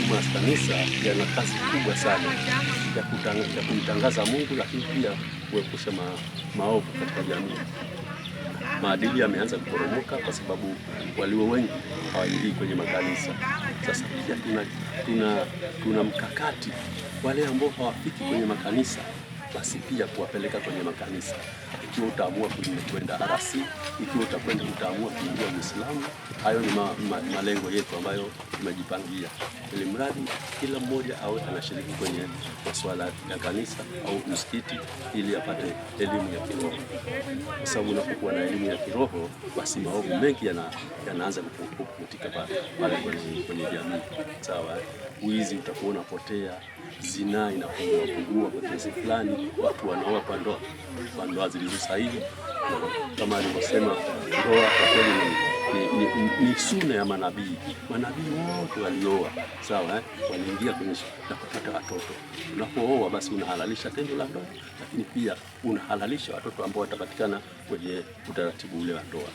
huduma ya kanisa yana kazi kubwa sana ya kumtangaza Mungu, lakini pia kuepusha ma, maovu katika jamii. Maadili yameanza kuporomoka kwa sababu walio wengi hawaingii kwenye makanisa. Sasa pia tuna, tuna, tuna mkakati wale ambao hawafiki kwenye makanisa basi pia kuwapeleka kwenye makanisa. Ikiwa utaamua kwenda RC, ikiwa utakwenda utaamua kuingia Uislamu, hayo ni ma, ma, malengo yetu ambayo tumejipangia, ili mradi kila mmoja awe anashiriki kwenye masuala ya kanisa au msikiti, ili apate elimu ya kiroho, kwa sababu unapokuwa na elimu ya kiroho, basi maovu mengi yanaanza ya kukutika pale kwenye, kwenye jamii. Sawa, wizi utakuwa unapotea, zinaa inapungua pungua kwa kiasi fulani watu wanaoa kwa ndoa kwa ndoa zilizo sahihi, kama alivyosema ndoa kwa kweli ni, ni, ni sunna ya manabii. Manabii wote walioa sawa, eh, waliingia kwenye na kupata watoto. Unapooa basi unahalalisha tendo la ndoa, lakini pia unahalalisha watoto ambao watapatikana kwenye utaratibu ule wa ndoa.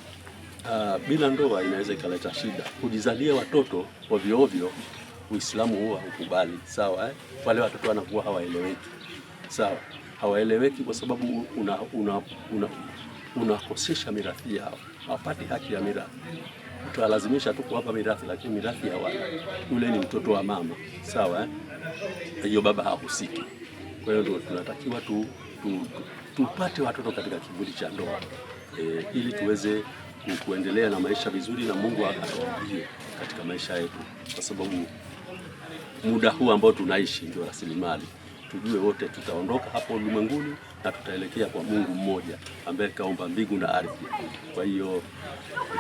Uh, bila ndoa inaweza ikaleta shida. Kujizalia watoto ovyo ovyo Uislamu huwa hukubali, sawa eh? Wale watoto wanakuwa hawaeleweki sawa, hawaeleweki kwa sababu unakosesha una, una, una mirathi yao, hawapati haki ya mirathi. Utawalazimisha tu kuwapa mirathi, lakini mirathi hawana. Yule ni mtoto wa mama, sawa, eh? hiyo Baba hahusiki. Kwa hiyo ndio tunatakiwa tu, tu, tu, tupate watoto katika kivuli cha ndoa eh, ili tuweze kuendelea na maisha vizuri na Mungu akatujalie katika maisha yetu, kwa sababu muda huu ambao tunaishi ndio rasilimali tujue wote tutaondoka hapo ulimwenguni na tutaelekea kwa Mungu mmoja ambaye kaumba mbingu na ardhi. Kwa hiyo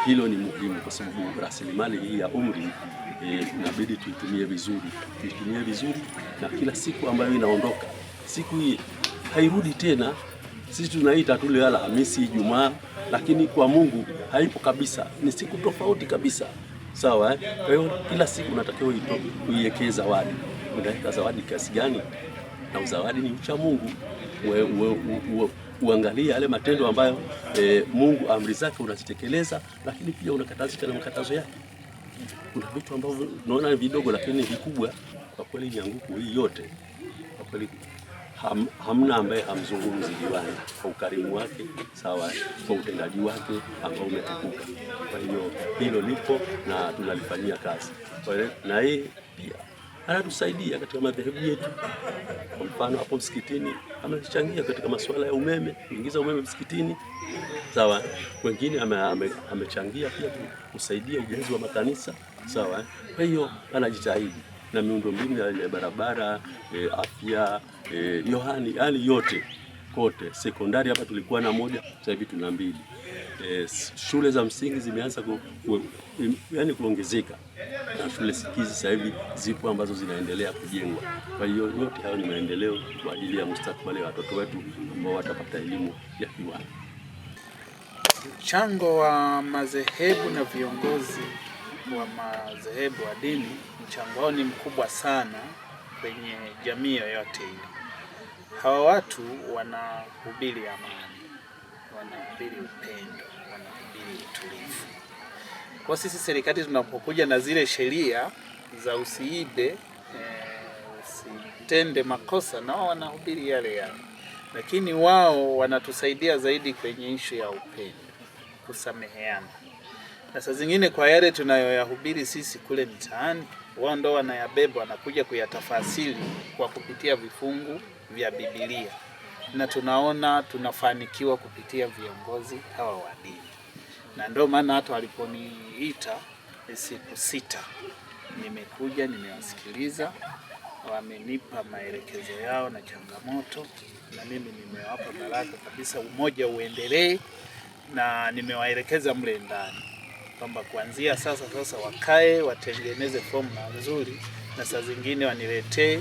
hilo ni muhimu, kwa sababu rasilimali hii ya umri e, inabidi e, tuitumie vizuri, tuitumie vizuri, na kila siku ambayo inaondoka, siku hii hairudi tena. Sisi tunaita tule Alhamisi, Ijumaa, lakini kwa Mungu haipo kabisa, ni siku tofauti kabisa. Sawa eh? Kwa hiyo kila siku unatakiwa uiwekee zawadi. Unaweka zawadi kiasi gani? na uzawadi ni mcha Mungu. We, we, we, uangalie yale matendo ambayo e, Mungu amri zake unazitekeleza, lakini pia unakatazika na makatazo yake. Kuna vitu ambavyo unaona ni vidogo, lakini ni vikubwa kwa kweli. Nyanguku hii yote kwa kweli ham, hamna ambaye hamzungumzi diwani kwa ukarimu wake, sawa, kwa utendaji wake ambao umetukuka. Kwa hiyo hilo lipo na tunalifanyia kazi na hii pia anatusaidia katika madhehebu yetu. Kwa mfano hapo msikitini ametuchangia katika masuala ya umeme, kuingiza umeme msikitini. Sawa, wengine amechangia ame, ame pia kusaidia ujenzi wa makanisa. Sawa, kwa hiyo anajitahidi na miundombinu ya barabara e, afya e, yohani yani yote kote. Sekondari hapa tulikuwa na moja, sasa hivi tuna mbili eh, shule za msingi zimeanza ku, ku, yani kuongezeka na shule sikizi sasa hivi zipo ambazo zinaendelea kujengwa. Kwa hiyo yote hayo ni maendeleo kwa ajili ya mustakabali wa watoto wetu ambao watapata elimu ya kiwango. Mchango wa madhehebu na viongozi wa madhehebu wa dini, mchango wao ni mkubwa sana kwenye jamii yoyote ile. Hawa watu wanahubiri amani wanahubiri upendo, wanahubiri utulivu. Kwa sisi serikali tunapokuja na zile sheria za usiibe, e, usitende makosa, nao wanahubiri yale yale, lakini wao wanatusaidia zaidi kwenye ishu ya upendo, kusameheana. Na saa zingine kwa yale tunayoyahubiri sisi kule mtaani, wao ndo wanayabeba, wanakuja kuyatafasiri kwa kupitia vifungu vya Biblia na tunaona tunafanikiwa kupitia viongozi hawa wa dini, na ndio maana hata waliponiita siku sita nimekuja nimewasikiliza, wamenipa maelekezo yao na changamoto, na mimi nimewapa baraka kabisa, umoja uendelee, na nimewaelekeza mle ndani kwamba kuanzia sasa sasa wakae watengeneze fomula nzuri, na saa zingine waniletee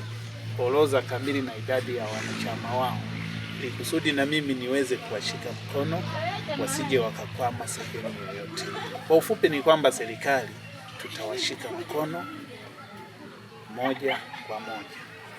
orodha kamili na idadi ya wanachama wao ili kusudi na mimi niweze kuwashika mkono wasije wakakwama sehemu yoyote. Kwa ufupi ni kwamba serikali tutawashika mkono moja kwa moja.